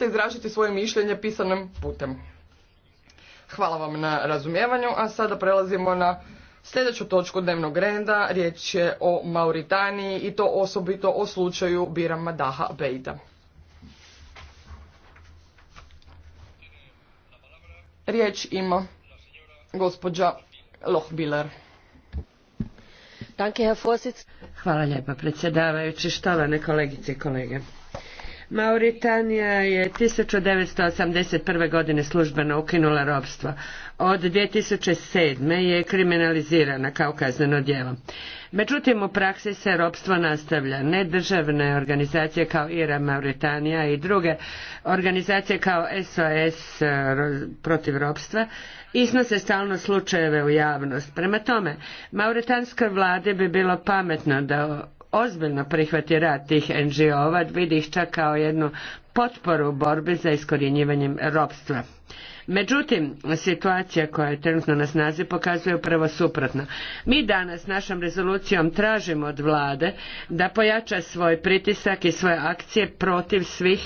te izražiti svoje mišljenje pisanim putem. Hvala vam na razumijevanju, a sada prelazimo na sljedeću točku dnevnog reda. Riječ je o Mauritaniji i to osobito o slučaju Birama Daha Bejda. Riječ ima gospođa Lohbiler. Hvala lijepa predsjedavajući, štavane kolegice i kolege. Mauritanija je 1981. godine službeno ukinula robstvo. Od 2007. je kriminalizirana kao kazneno djelo. Međutim, u praksi se robstvo nastavlja. Nedržavne organizacije kao IRA Mauritanija i druge organizacije kao SOS e, protiv robstva iznose stalno slučajeve u javnost. Prema tome, mauritanskoj vladi bi bilo pametno da ozbiljno prihvati rad tih NGO-ova, vidi ih čak kao jednu potporu u borbi za iskorjenjivanjem ropstva. Međutim, situacija koja je trenutno na snazi pokazuje upravo suprotno. Mi danas našom rezolucijom tražimo od vlade da pojača svoj pritisak i svoje akcije protiv svih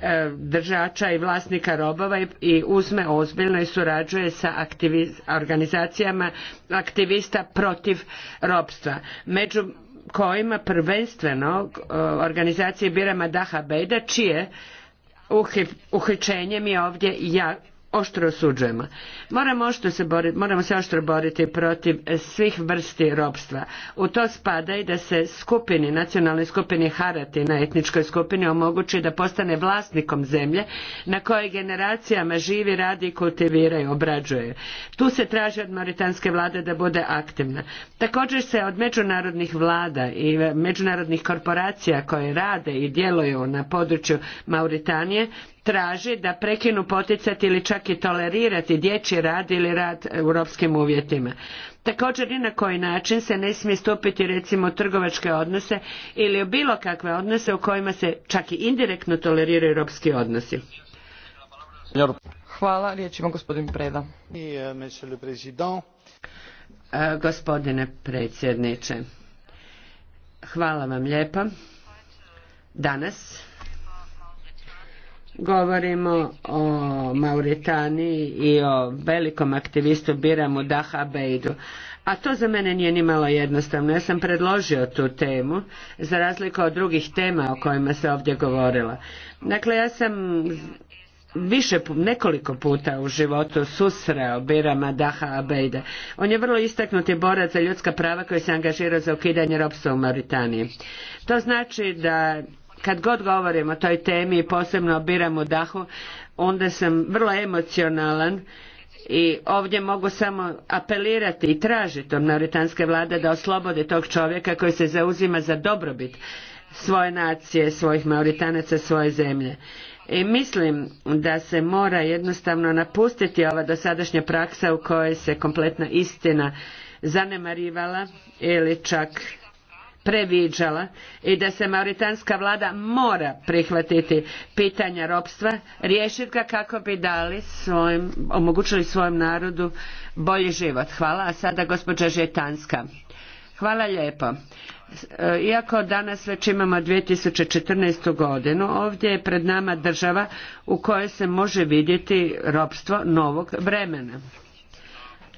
e, držača i vlasnika robova i, uzme ozbiljno i surađuje sa organizacijama aktivista protiv robstva. Među kojima prvenstveno e, organizacije Birama Daha Bejda čije uhićenje mi ovdje ja oštro osuđujemo. Moramo, oštro se boriti, moramo se oštro boriti protiv svih vrsti ropstva. U to spada i da se skupini, nacionalnoj skupini Harati na etničkoj skupini omogući da postane vlasnikom zemlje na kojoj generacijama živi, radi, kultivira i obrađuje. Tu se traži od maritanske vlade da bude aktivna. Također se od međunarodnih vlada i međunarodnih korporacija koje rade i djeluju na području Mauritanije traži da prekinu poticati ili čak i tolerirati dječji rad ili rad u Europskim uvjetima. Također ni na koji način se ne smije stupiti recimo trgovačke odnose ili bilo kakve odnose u kojima se čak i indirektno toleriraju europski odnosi. Hvala, riječ ima gospodin Preda. E, gospodine predsjedniče, hvala vam lijepa. Danas Govorimo o Mauritaniji i o velikom aktivistu Biramu Daha Abeidu. A to za mene nije ni malo jednostavno. Ja sam predložio tu temu, za razliku od drugih tema o kojima se ovdje govorila. Dakle, ja sam više nekoliko puta u životu susreo Birama Daha Abeida. On je vrlo istaknuti borac za ljudska prava koji se angažirao za ukidanje ropstva u Mauritaniji. To znači da kad god govorim o toj temi i posebno o Biramu Dahu, onda sam vrlo emocionalan i ovdje mogu samo apelirati i tražiti od mauritanske vlade da oslobode tog čovjeka koji se zauzima za dobrobit svoje nacije, svojih mauritanaca, svoje zemlje. I mislim da se mora jednostavno napustiti ova dosadašnja praksa u kojoj se kompletna istina zanemarivala ili čak previđala i da se mauritanska vlada mora prihvatiti pitanja ropstva, riješiti ga kako bi dali svojim, omogućili svojem narodu bolji život. Hvala. A sada gospođa Žetanska. Hvala lijepo. E, iako danas već imamo 2014. godinu, ovdje je pred nama država u kojoj se može vidjeti ropstvo novog vremena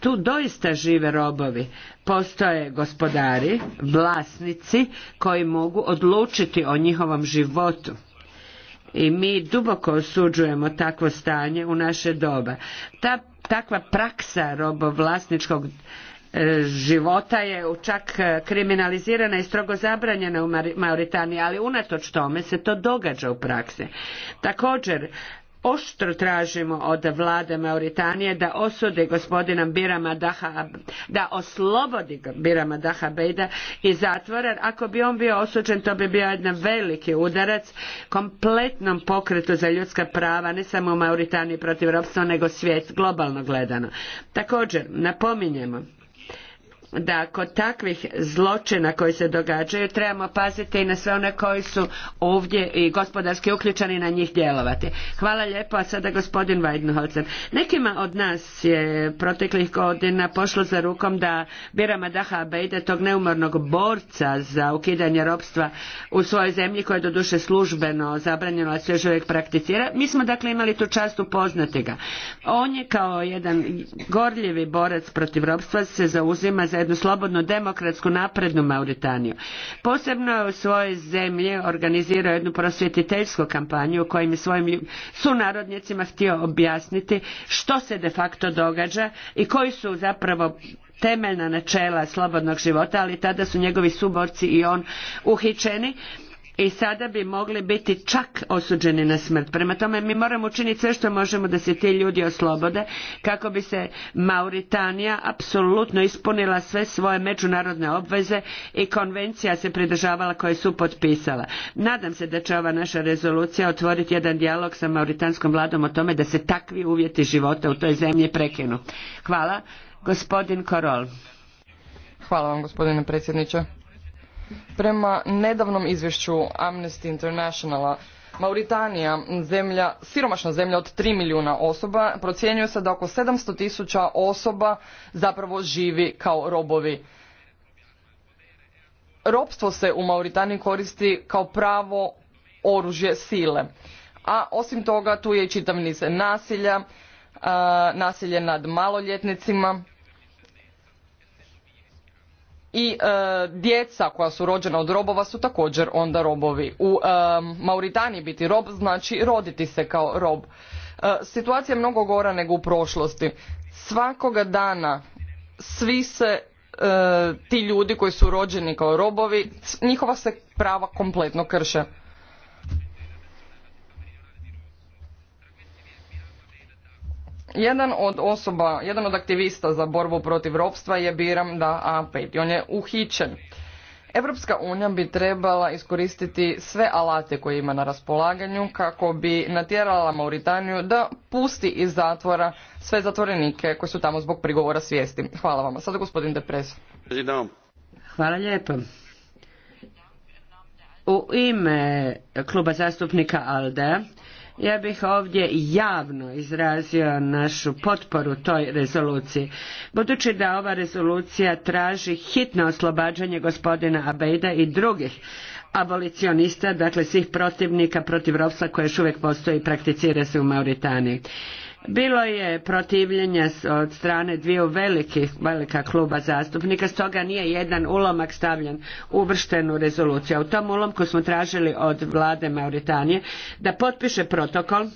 tu doista žive robovi. Postoje gospodari, vlasnici koji mogu odlučiti o njihovom životu i mi duboko osuđujemo takvo stanje u naše doba. Ta, takva praksa robovlasničkog e, života je čak e, kriminalizirana i strogo zabranjena u Mauritaniji, ali unatoč tome se to događa u praksi. Također, oštro tražimo od vlade Mauritanije da osudi gospodina Birama Daha, da oslobodi Birama Dahabejda i zatvora. Ako bi on bio osuđen, to bi bio jedan veliki udarac kompletnom pokretu za ljudska prava, ne samo u Mauritaniji protiv ropstva, nego svijet globalno gledano. Također, napominjemo da kod takvih zločina koji se događaju trebamo paziti i na sve one koji su ovdje i gospodarski uključeni na njih djelovati. Hvala lijepo, a sada gospodin Weidenholzer. Nekima od nas je proteklih godina pošlo za rukom da Birama Daha ide tog neumornog borca za ukidanje ropstva u svojoj zemlji, koje je doduše službeno zabranjeno, ali se uvijek prakticira. Mi smo dakle imali tu čast upoznati ga. On je kao jedan gorljivi borac protiv ropstva se zauzima za jednu slobodnu demokratsku naprednu Mauritaniju. Posebno je u svojoj zemlji organizirao jednu prosvjetiteljsku kampanju u kojim je svojim sunarodnjacima htio objasniti što se de facto događa i koji su zapravo temeljna načela slobodnog života, ali tada su njegovi suborci i on uhićeni i sada bi mogli biti čak osuđeni na smrt. Prema tome mi moramo učiniti sve što možemo da se ti ljudi oslobode kako bi se Mauritanija apsolutno ispunila sve svoje međunarodne obveze i konvencija se pridržavala koje su potpisala. Nadam se da će ova naša rezolucija otvoriti jedan dijalog sa mauritanskom vladom o tome da se takvi uvjeti života u toj zemlji prekinu. Hvala. Gospodin Korol. Hvala vam gospodine predsjedniče. Prema nedavnom izvješću Amnesty Internationala, Mauritanija, zemlja, siromašna zemlja od 3 milijuna osoba, procjenjuje se da oko 700 tisuća osoba zapravo živi kao robovi. Robstvo se u Mauritaniji koristi kao pravo oružje sile. A osim toga tu je i čitav niz nasilja, nasilje nad maloljetnicima, i e, djeca koja su rođena od robova su također onda robovi. U e, Mauritaniji biti rob znači roditi se kao rob. E, situacija je mnogo gora nego u prošlosti. Svakoga dana svi se e, ti ljudi koji su rođeni kao robovi, njihova se prava kompletno krše. Jedan od osoba, jedan od aktivista za borbu protiv ropstva je biram da a on je uhićen. Europska unija bi trebala iskoristiti sve alate koje ima na raspolaganju kako bi natjerala Mauritaniju da pusti iz zatvora sve zatvorenike koji su tamo zbog prigovora svijesti. Hvala vam. Sada gospodin Depres. Hvala lijepo. U ime kluba zastupnika ALDE ja bih ovdje javno izrazio našu potporu toj rezoluciji. Budući da ova rezolucija traži hitno oslobađanje gospodina Abejda i drugih abolicionista, dakle svih protivnika protiv ropstva koje još uvijek postoji i prakticira se u Mauritaniji. Bilo je protivljenja od strane dviju velikih, velika kluba zastupnika, stoga nije jedan ulomak stavljen uvršten u rezoluciju. U tom ulomku smo tražili od vlade Mauritanije da potpiše protokol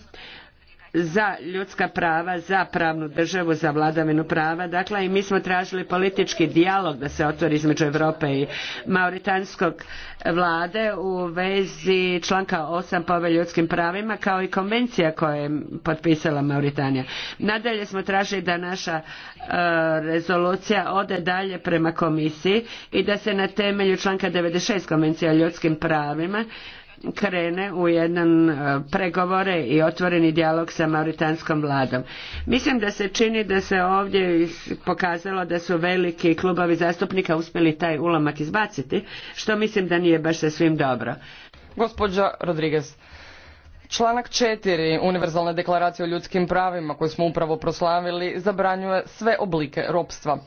za ljudska prava, za pravnu državu, za vladavinu prava. Dakle, i mi smo tražili politički dijalog da se otvori između Europe i Mauritanskog vlade u vezi članka 8 pove ljudskim pravima kao i konvencija koju je potpisala Mauritanija. Nadalje smo tražili da naša e, rezolucija ode dalje prema komisiji i da se na temelju članka 96 konvencije o ljudskim pravima krene u jedan e, pregovore i otvoreni dijalog sa mauritanskom vladom. Mislim da se čini da se ovdje pokazalo da su veliki klubovi zastupnika uspjeli taj ulomak izbaciti, što mislim da nije baš sa svim dobro. Gospođa Rodriguez, Članak 4 Univerzalne deklaracije o ljudskim pravima koju smo upravo proslavili zabranjuje sve oblike ropstva.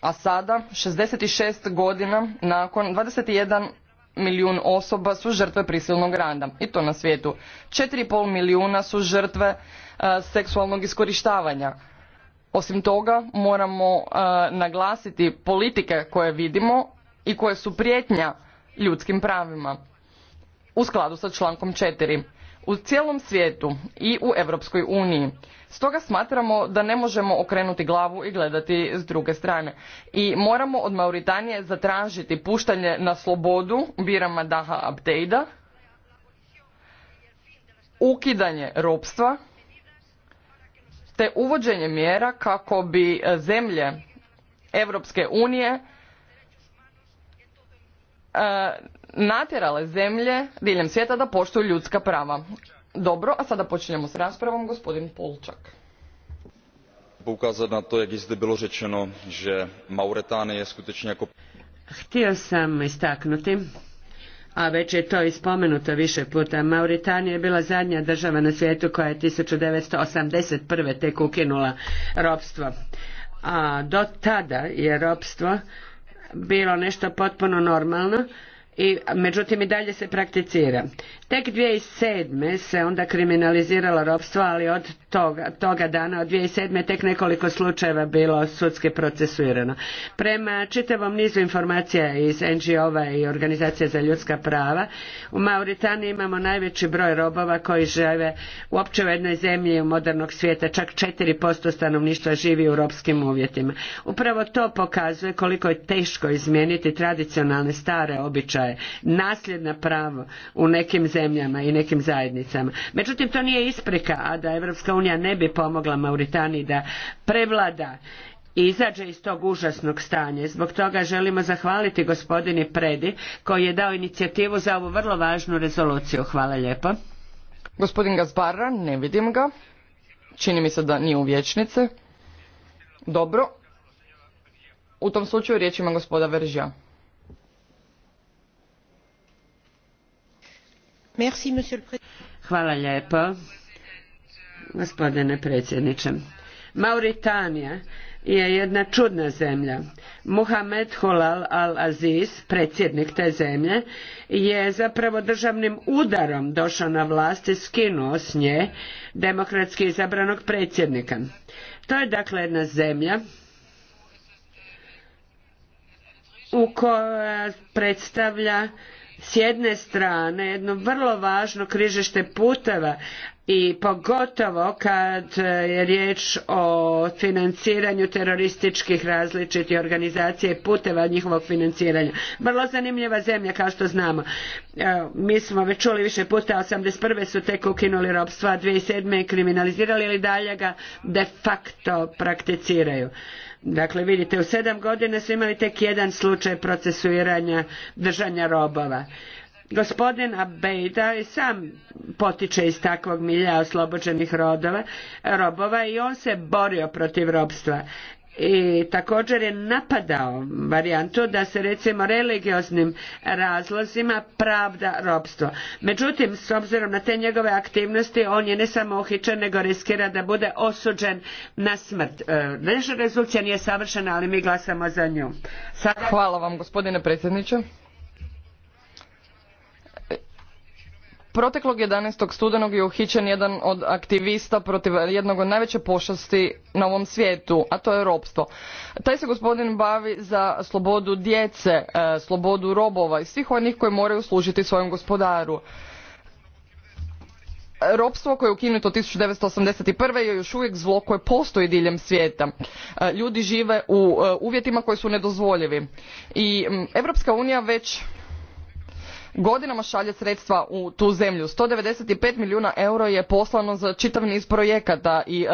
A sada, 66 godina nakon 21 milijun osoba su žrtve prisilnog rada i to na svijetu. 4,5 milijuna su žrtve e, seksualnog iskorištavanja. Osim toga moramo e, naglasiti politike koje vidimo i koje su prijetnja ljudskim pravima u skladu sa člankom četiri u cijelom svijetu i u Europskoj uniji. Stoga smatramo da ne možemo okrenuti glavu i gledati s druge strane. I moramo od Mauritanije zatražiti puštanje na slobodu Birama Daha Abdejda, ukidanje ropstva, te uvođenje mjera kako bi zemlje Europske unije e, natjerale zemlje diljem svijeta da poštuju ljudska prava. Dobro, a sada počinjemo s raspravom, gospodin Polčak. Poukazat na to, jak izde bilo rečeno, že je skutečně jako... Htio sam istaknuti a već je to ispomenuto više puta. Mauritanija je bila zadnja država na svijetu koja je 1981. tek ukinula ropstvo. A do tada je ropstvo bilo nešto potpuno normalno i međutim i dalje se prakticira. Tek 2007. se onda kriminaliziralo ropstvo ali od toga, dana, od 2007. tek nekoliko slučajeva bilo sudski procesuirano. Prema čitavom nizu informacija iz ngo a i Organizacije za ljudska prava, u Mauritaniji imamo najveći broj robova koji žive uopće u jednoj zemlji modernog svijeta, čak 4% stanovništva živi u ropskim uvjetima. Upravo to pokazuje koliko je teško izmijeniti tradicionalne stare običaje, nasljedna pravo u nekim zemljama zemljama i nekim zajednicama. Međutim, to nije isprika, a da Evropska unija ne bi pomogla Mauritaniji da prevlada i izađe iz tog užasnog stanja. Zbog toga želimo zahvaliti gospodini Predi koji je dao inicijativu za ovu vrlo važnu rezoluciju. Hvala lijepo. Gospodin Gazbara, ne vidim ga. Čini mi se da nije u vječnice. Dobro. U tom slučaju riječ ima gospoda Veržija. Hvala gospodine predsjedniče. Mauritanija je jedna čudna zemlja. Muhammed Hulal al-Aziz, predsjednik te zemlje, je zapravo državnim udarom došao na vlast i skinuo s nje demokratski izabranog predsjednika. To je dakle jedna zemlja u koja predstavlja s jedne strane jedno vrlo važno križište puteva i pogotovo kad e, je riječ o financiranju terorističkih različitih organizacija i puteva njihovog financiranja. Vrlo zanimljiva zemlja kao što znamo. E, mi smo već čuli više puta, 81. su tek ukinuli robstva, 2007. i kriminalizirali i dalje ga de facto prakticiraju. Dakle, vidite, u sedam godina su imali tek jedan slučaj procesuiranja držanja robova. Gospodin Abejda i sam potiče iz takvog milja oslobođenih robova i on se borio protiv ropstva. i također je napadao varijantu da se recimo religioznim razlozima pravda robstvo. Međutim, s obzirom na te njegove aktivnosti, on je ne samo uhićen, nego riskira da bude osuđen na smrt. E, naša rezolucija nije savršena, ali mi glasamo za nju. Hvala vam, gospodine predsjedniče. Proteklog 11. studenog je uhićen jedan od aktivista protiv jednog od najveće pošasti na ovom svijetu, a to je ropstvo. Taj se gospodin bavi za slobodu djece, e, slobodu robova i svih onih koji moraju služiti svojem gospodaru. Ropstvo koje je ukinuto 1981. je još uvijek zlo koje postoji diljem svijeta. E, ljudi žive u e, uvjetima koji su nedozvoljivi. I Europska unija već godinama šalje sredstva u tu zemlju. sto ninety five milijuna eura je poslano za čitav niz projekata e, i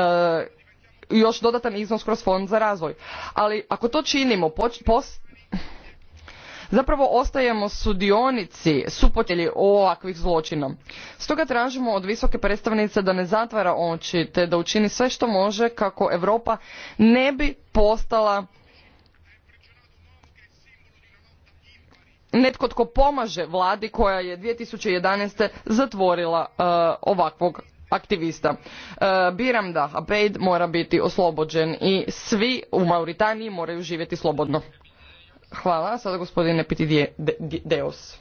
još dodatan iznos kroz fond za razvoj ali ako to činimo zapravo ostajemo sudionici supotjelji ovakvih zločina stoga tražimo od visoke predstavnice da ne zatvara oči te da učini sve što može kako europa ne bi postala netko tko pomaže vladi koja je 2011. zatvorila e, ovakvog aktivista. E, biram da Abeid mora biti oslobođen i svi u Mauritaniji moraju živjeti slobodno. Hvala. Sada gospodine Deos.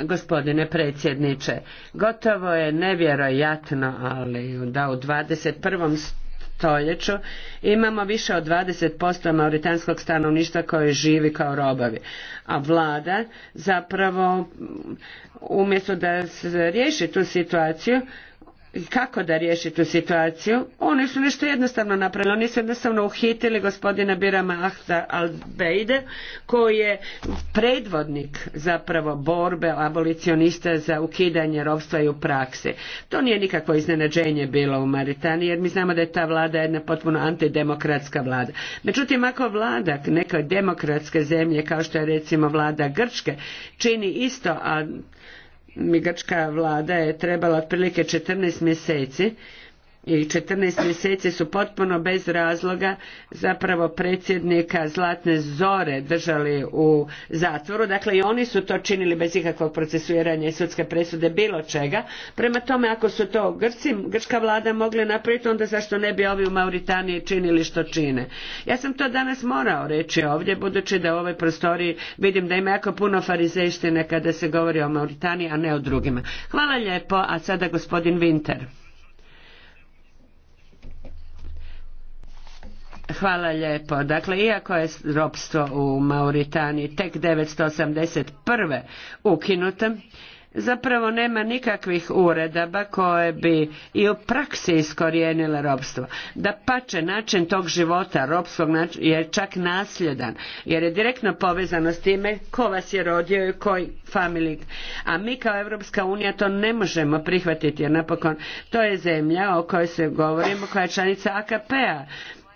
Gospodine predsjedniče, gotovo je nevjerojatno, ali da u 21. stoljeću stoljeću imamo više od 20% mauritanskog stanovništva koje živi kao robavi. A vlada zapravo umjesto da se riješi tu situaciju kako da riješi tu situaciju, oni su nešto jednostavno napravili. Oni su jednostavno uhitili gospodina Birama Ahta Al-Beide, koji je predvodnik zapravo borbe abolicionista za ukidanje ropstva i u praksi. To nije nikakvo iznenađenje bilo u Maritaniji, jer mi znamo da je ta vlada jedna potpuno antidemokratska vlada. Međutim, ako vlada neke demokratske zemlje, kao što je recimo vlada Grčke, čini isto, a grčka vlada je trebala otprilike 14 mjeseci i 14 mjeseci su potpuno bez razloga zapravo predsjednika Zlatne Zore držali u zatvoru. Dakle i oni su to činili bez ikakvog procesuiranja i sudske presude bilo čega. Prema tome ako su to Grci, grčka vlada mogli napraviti onda zašto ne bi ovi u Mauritaniji činili što čine. Ja sam to danas morao reći ovdje budući da u ovoj prostoriji vidim da ima jako puno farizejštine kada se govori o Mauritaniji a ne o drugima. Hvala lijepo, a sada gospodin Winter. Hvala lijepo. Dakle, iako je ropstvo u Mauritaniji tek 981. ukinuto, zapravo nema nikakvih uredaba koje bi i u praksi iskorijenile ropstvo Da pače način tog života robstvog je čak nasljedan jer je direktno povezano s time ko vas je rodio i koji familik. A mi kao Europska unija to ne možemo prihvatiti jer napokon to je zemlja o kojoj se govorimo koja je članica AKP-a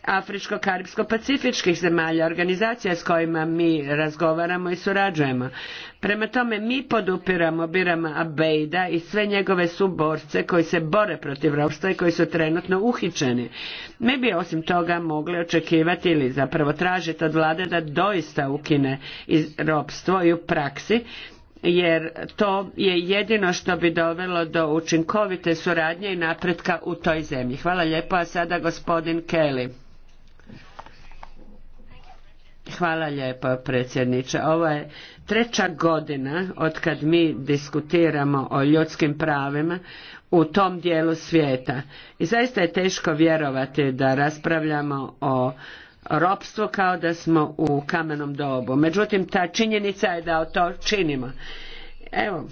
afričko-karibsko-pacifičkih zemalja, organizacija s kojima mi razgovaramo i surađujemo. Prema tome mi podupiramo Birama Abejda i sve njegove suborce koji se bore protiv ropstva i koji su trenutno uhićeni. Mi bi osim toga mogli očekivati ili zapravo tražiti od vlade da doista ukine ropstvo i u praksi jer to je jedino što bi dovelo do učinkovite suradnje i napretka u toj zemlji. Hvala lijepo, a sada gospodin Kelly. Hvala lijepo predsjedniče. Ovo je treća godina otkad mi diskutiramo o ljudskim pravima u tom dijelu svijeta. I zaista je teško vjerovati da raspravljamo o ropstvu kao da smo u kamenom dobu. Međutim, ta činjenica je da o to činimo. Evo,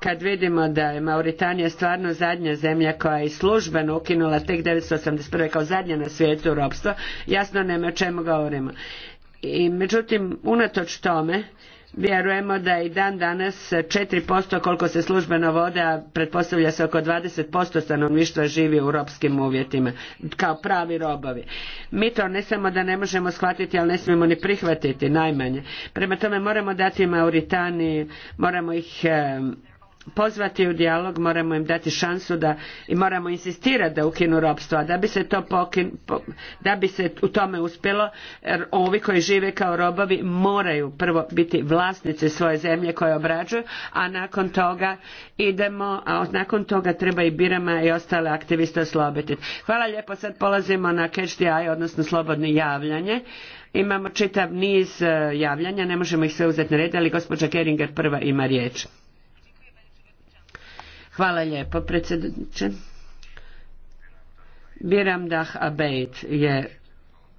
kad vidimo da je Mauritanija stvarno zadnja zemlja koja je službeno ukinula tek 1981. kao zadnja na svijetu ropstvo, jasno nema je o čemu govorimo. I međutim, unatoč tome, vjerujemo da i dan danas 4% koliko se službeno vode, a pretpostavlja se oko 20% stanovništva živi u ropskim uvjetima, kao pravi robovi. Mi to ne samo da ne možemo shvatiti, ali ne smijemo ni prihvatiti, najmanje. Prema tome moramo dati Mauritaniji, moramo ih pozvati u dijalog, moramo im dati šansu da i moramo insistirati da ukinu ropstvo, a da bi se to da bi se u tome uspjelo, ovi koji žive kao robovi moraju prvo biti vlasnici svoje zemlje koje obrađuju, a nakon toga idemo, a nakon toga treba i Birama i ostale aktiviste osloboditi. Hvala lijepo, sad polazimo na catch the eye, odnosno slobodno javljanje. Imamo čitav niz e, javljanja, ne možemo ih sve uzeti na red, ali gospođa Keringer prva ima riječ. Hvala lijepo, predsjedniče. Biram Dah je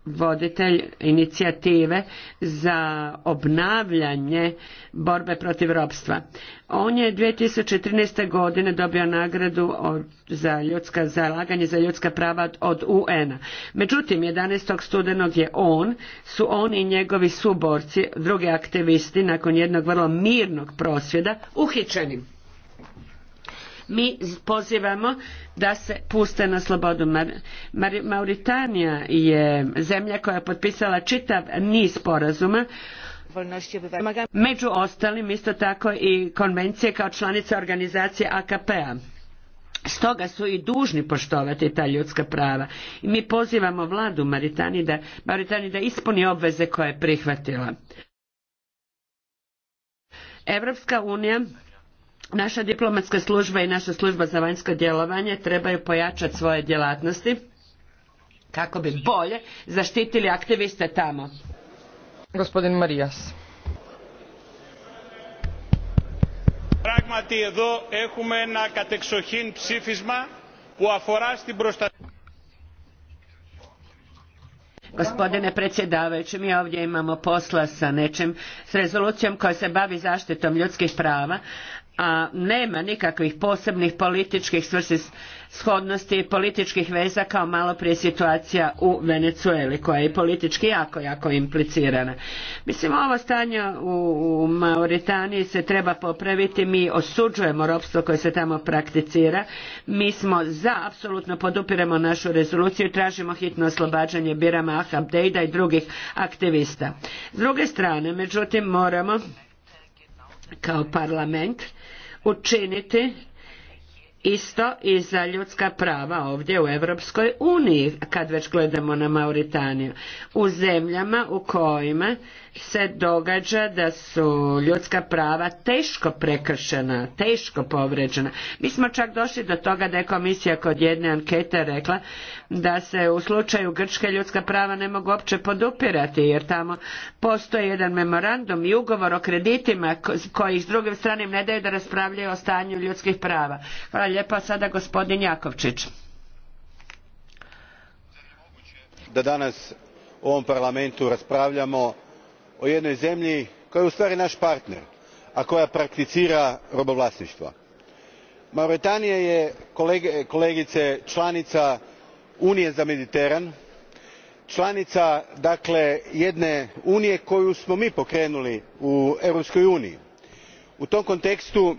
voditelj inicijative za obnavljanje borbe protiv ropstva. On je 2013. godine dobio nagradu za ljudska zalaganje za ljudska prava od UN-a. Međutim, 11. studenog je on, su on i njegovi suborci, drugi aktivisti, nakon jednog vrlo mirnog prosvjeda, uhičeni mi pozivamo da se puste na slobodu. Mauritanija je zemlja koja je potpisala čitav niz sporazuma među ostalim isto tako i konvencije kao članice organizacije AKP-a. Stoga su i dužni poštovati ta ljudska prava. I mi pozivamo vladu Maritani da, da ispuni obveze koje je prihvatila. Europska unija naša diplomatska služba i naša služba za vanjsko djelovanje trebaju pojačati svoje djelatnosti kako bi bolje zaštitili aktiviste tamo. Gospodin Marijas. Πράγματι εδώ έχουμε gospodine predsjedavajući mi ovdje imamo posla sa nečim s rezolucijom koja se bavi zaštitom ljudskih prava a nema nikakvih posebnih političkih svrsishodnosti i političkih veza kao malo prije situacija u Venecueli koja je i politički jako, jako implicirana. Mislim ovo stanje u, Mauritaniji se treba popraviti, mi osuđujemo ropstvo koje se tamo prakticira, mi smo za, apsolutno podupiremo našu rezoluciju i tražimo hitno oslobađanje Birama Ahabdejda i drugih aktivista. S druge strane, međutim, moramo kao parlament učiniti isto i za ljudska prava ovdje u Europskoj uniji kad već gledamo na Mauritaniju u zemljama u kojima se događa da su ljudska prava teško prekršena, teško povređena. Mi smo čak došli do toga da je komisija kod jedne ankete rekla da se u slučaju Grčke ljudska prava ne mogu uopće podupirati jer tamo postoji jedan memorandum i ugovor o kreditima koji s druge strane ne daju da raspravljaju o stanju ljudskih prava. Hvala lijepa sada gospodin Jakovčić. Da danas u ovom parlamentu raspravljamo o jednoj zemlji koja je ustvari naš partner a koja prakticira robovlasništvo. mauretanija je kolegice članica unije za mediteran članica dakle jedne unije koju smo mi pokrenuli u europskoj uniji. u tom kontekstu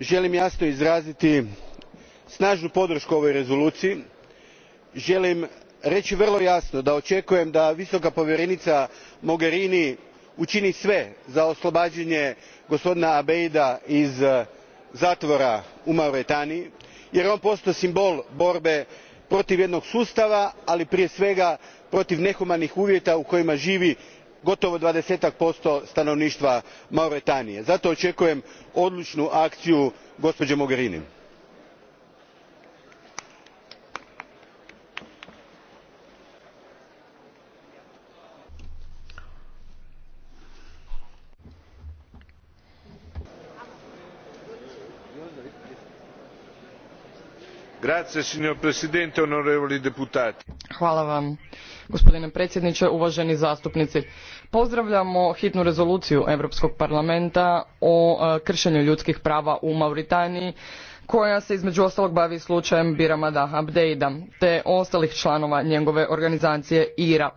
želim jasno izraziti snažnu podršku ovoj rezoluciji želim reći vrlo jasno da očekujem da visoka povjerenica mogherini učini sve za oslobađanje gospodina abeida iz eh, zatvora u mauretaniji jer on postao simbol borbe protiv jednog sustava ali prije svega protiv nehumanih uvjeta u kojima živi gotovo dvadesetak posto stanovništva mauretanije. zato očekujem odlučnu akciju gospođe mogherini. hvala vam gospodine predsjedniče uvaženi zastupnici pozdravljamo hitnu rezoluciju europskog parlamenta o e, kršenju ljudskih prava u mauritaniji koja se između ostalog bavi slučajem Birama Daha Abdeida te ostalih članova njegove organizacije IRA.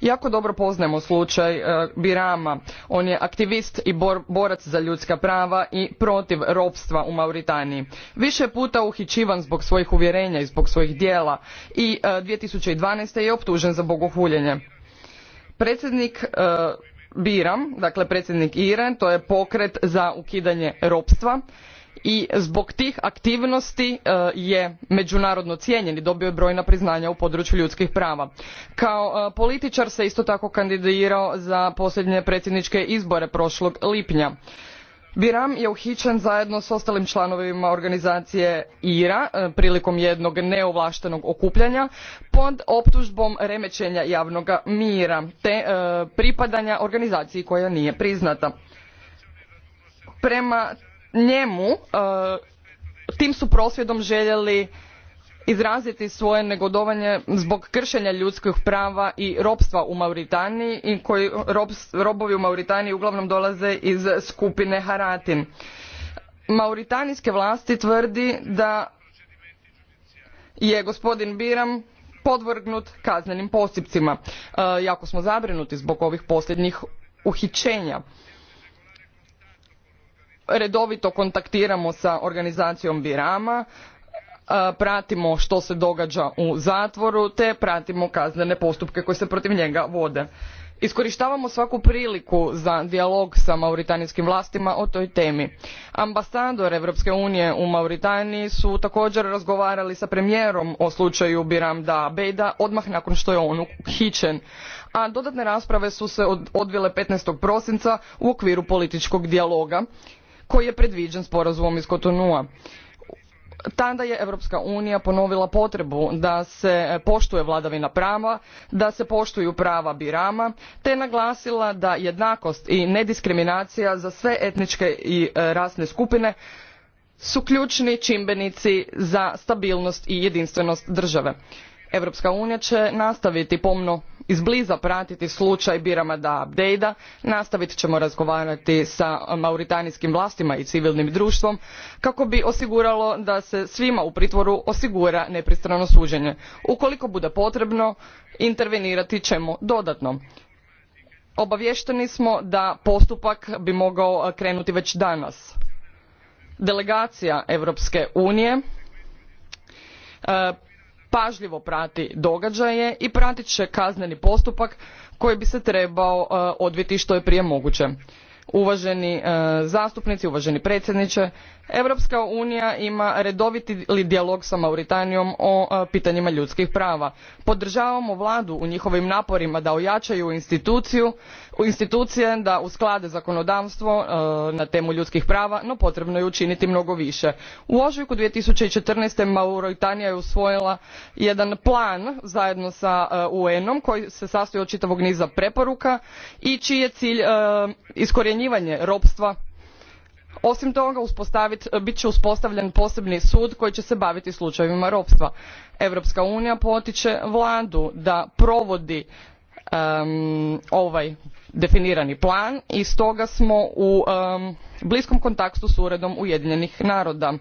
Jako dobro poznajemo slučaj e, Birama. On je aktivist i borac za ljudska prava i protiv ropstva u Mauritaniji. Više puta uhićivan zbog svojih uvjerenja i zbog svojih dijela i 2012. E, je optužen za bogohuljenje. Predsjednik e, Biram, dakle predsjednik ira to je pokret za ukidanje ropstva, i zbog tih aktivnosti e, je međunarodno cijenjen i dobio je brojna priznanja u području ljudskih prava. Kao e, političar se isto tako kandidirao za posljednje predsjedničke izbore prošlog lipnja. Biram je uhićen zajedno s ostalim članovima organizacije IRA e, prilikom jednog neovlaštenog okupljanja pod optužbom remećenja javnog mira te pripadanja organizaciji koja nije priznata. Prema njemu e, tim su prosvjedom željeli izraziti svoje negodovanje zbog kršenja ljudskih prava i ropstva u mauritaniji i koji robovi u mauritaniji uglavnom dolaze iz skupine haratin mauritanijske vlasti tvrdi da je gospodin biram podvrgnut kaznenim postupcima e, jako smo zabrinuti zbog ovih posljednjih uhićenja redovito kontaktiramo sa organizacijom birama e, pratimo što se događa u zatvoru te pratimo kaznene postupke koji se protiv njega vode iskorištavamo svaku priliku za dijalog sa mauritanijskim vlastima o toj temi ambasador europske unije u mauritaniji su također razgovarali sa premijerom o slučaju biram da odmah nakon što je on uhićen a dodatne rasprave su se odvile 15. prosinca u okviru političkog dijaloga koji je predviđen sporazumom iz Kotonua. Tada je Europska unija ponovila potrebu da se poštuje vladavina prava, da se poštuju prava birama, te naglasila da jednakost i nediskriminacija za sve etničke i e, rasne skupine su ključni čimbenici za stabilnost i jedinstvenost države. Europska unija će nastaviti pomno izbliza pratiti slučaj mada Abdejda. Nastavit ćemo razgovarati sa mauritanijskim vlastima i civilnim društvom kako bi osiguralo da se svima u pritvoru osigura nepristrano suđenje. Ukoliko bude potrebno, intervenirati ćemo dodatno. Obaviješteni smo da postupak bi mogao krenuti već danas. Delegacija Europske unije e, pažljivo prati događaje i pratit će kazneni postupak koji bi se trebao e, odviti što je prije moguće uvaženi e, zastupnici uvaženi predsjedniče europska unija ima redoviti dijalog sa mauritanijom o e, pitanjima ljudskih prava podržavamo vladu u njihovim naporima da ojačaju instituciju institucije da usklade zakonodavstvo e, na temu ljudskih prava no potrebno je učiniti mnogo više. u ožujku. two thousand and fourteen mauritanija je usvojila jedan plan zajedno sa e, un om koji se sastoji od čitavog niza preporuka i čiji je cilj e, iskorjenjivanje ropstva osim toga bit će uspostavljen posebni sud koji će se baviti slučajevima ropstva. europska unija potiče vladu da provodi ovaj definirani plan i stoga smo u bliskom kontaktu s uredom ujedinjenih naroda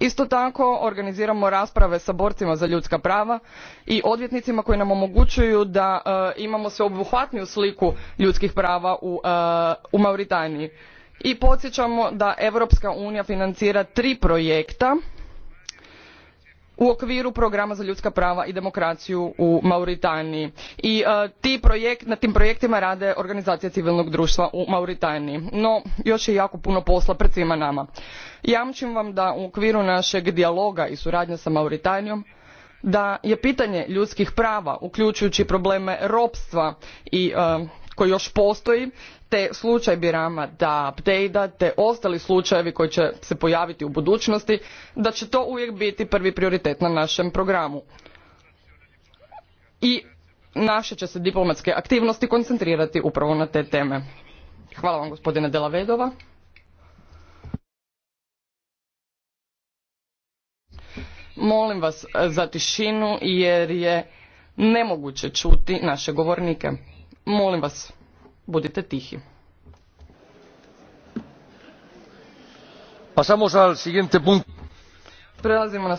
isto tako organiziramo rasprave sa borcima za ljudska prava i odvjetnicima koji nam omogućuju da eh, imamo sveobuhvatniju sliku ljudskih prava u, eh, mauritaniji i podsjećamo da europska unija financira tri projekta u okviru programa za ljudska prava i demokraciju u mauritaniji i e, na tim projektima rade organizacije civilnog društva u mauritaniji no još je jako puno posla pred svima nama jamčim vam da u okviru našeg dijaloga i suradnje sa mauritanijom da je pitanje ljudskih prava uključujući probleme ropstva i e, koji još postoji te slučaj Birama da Abdejda te ostali slučajevi koji će se pojaviti u budućnosti da će to uvijek biti prvi prioritet na našem programu. I naše će se diplomatske aktivnosti koncentrirati upravo na te teme. Hvala vam gospodine Delavedova. Molim vas za tišinu jer je nemoguće čuti naše govornike. Molim vas budite tihi. Pasamos al siguiente punto. Prelazimo na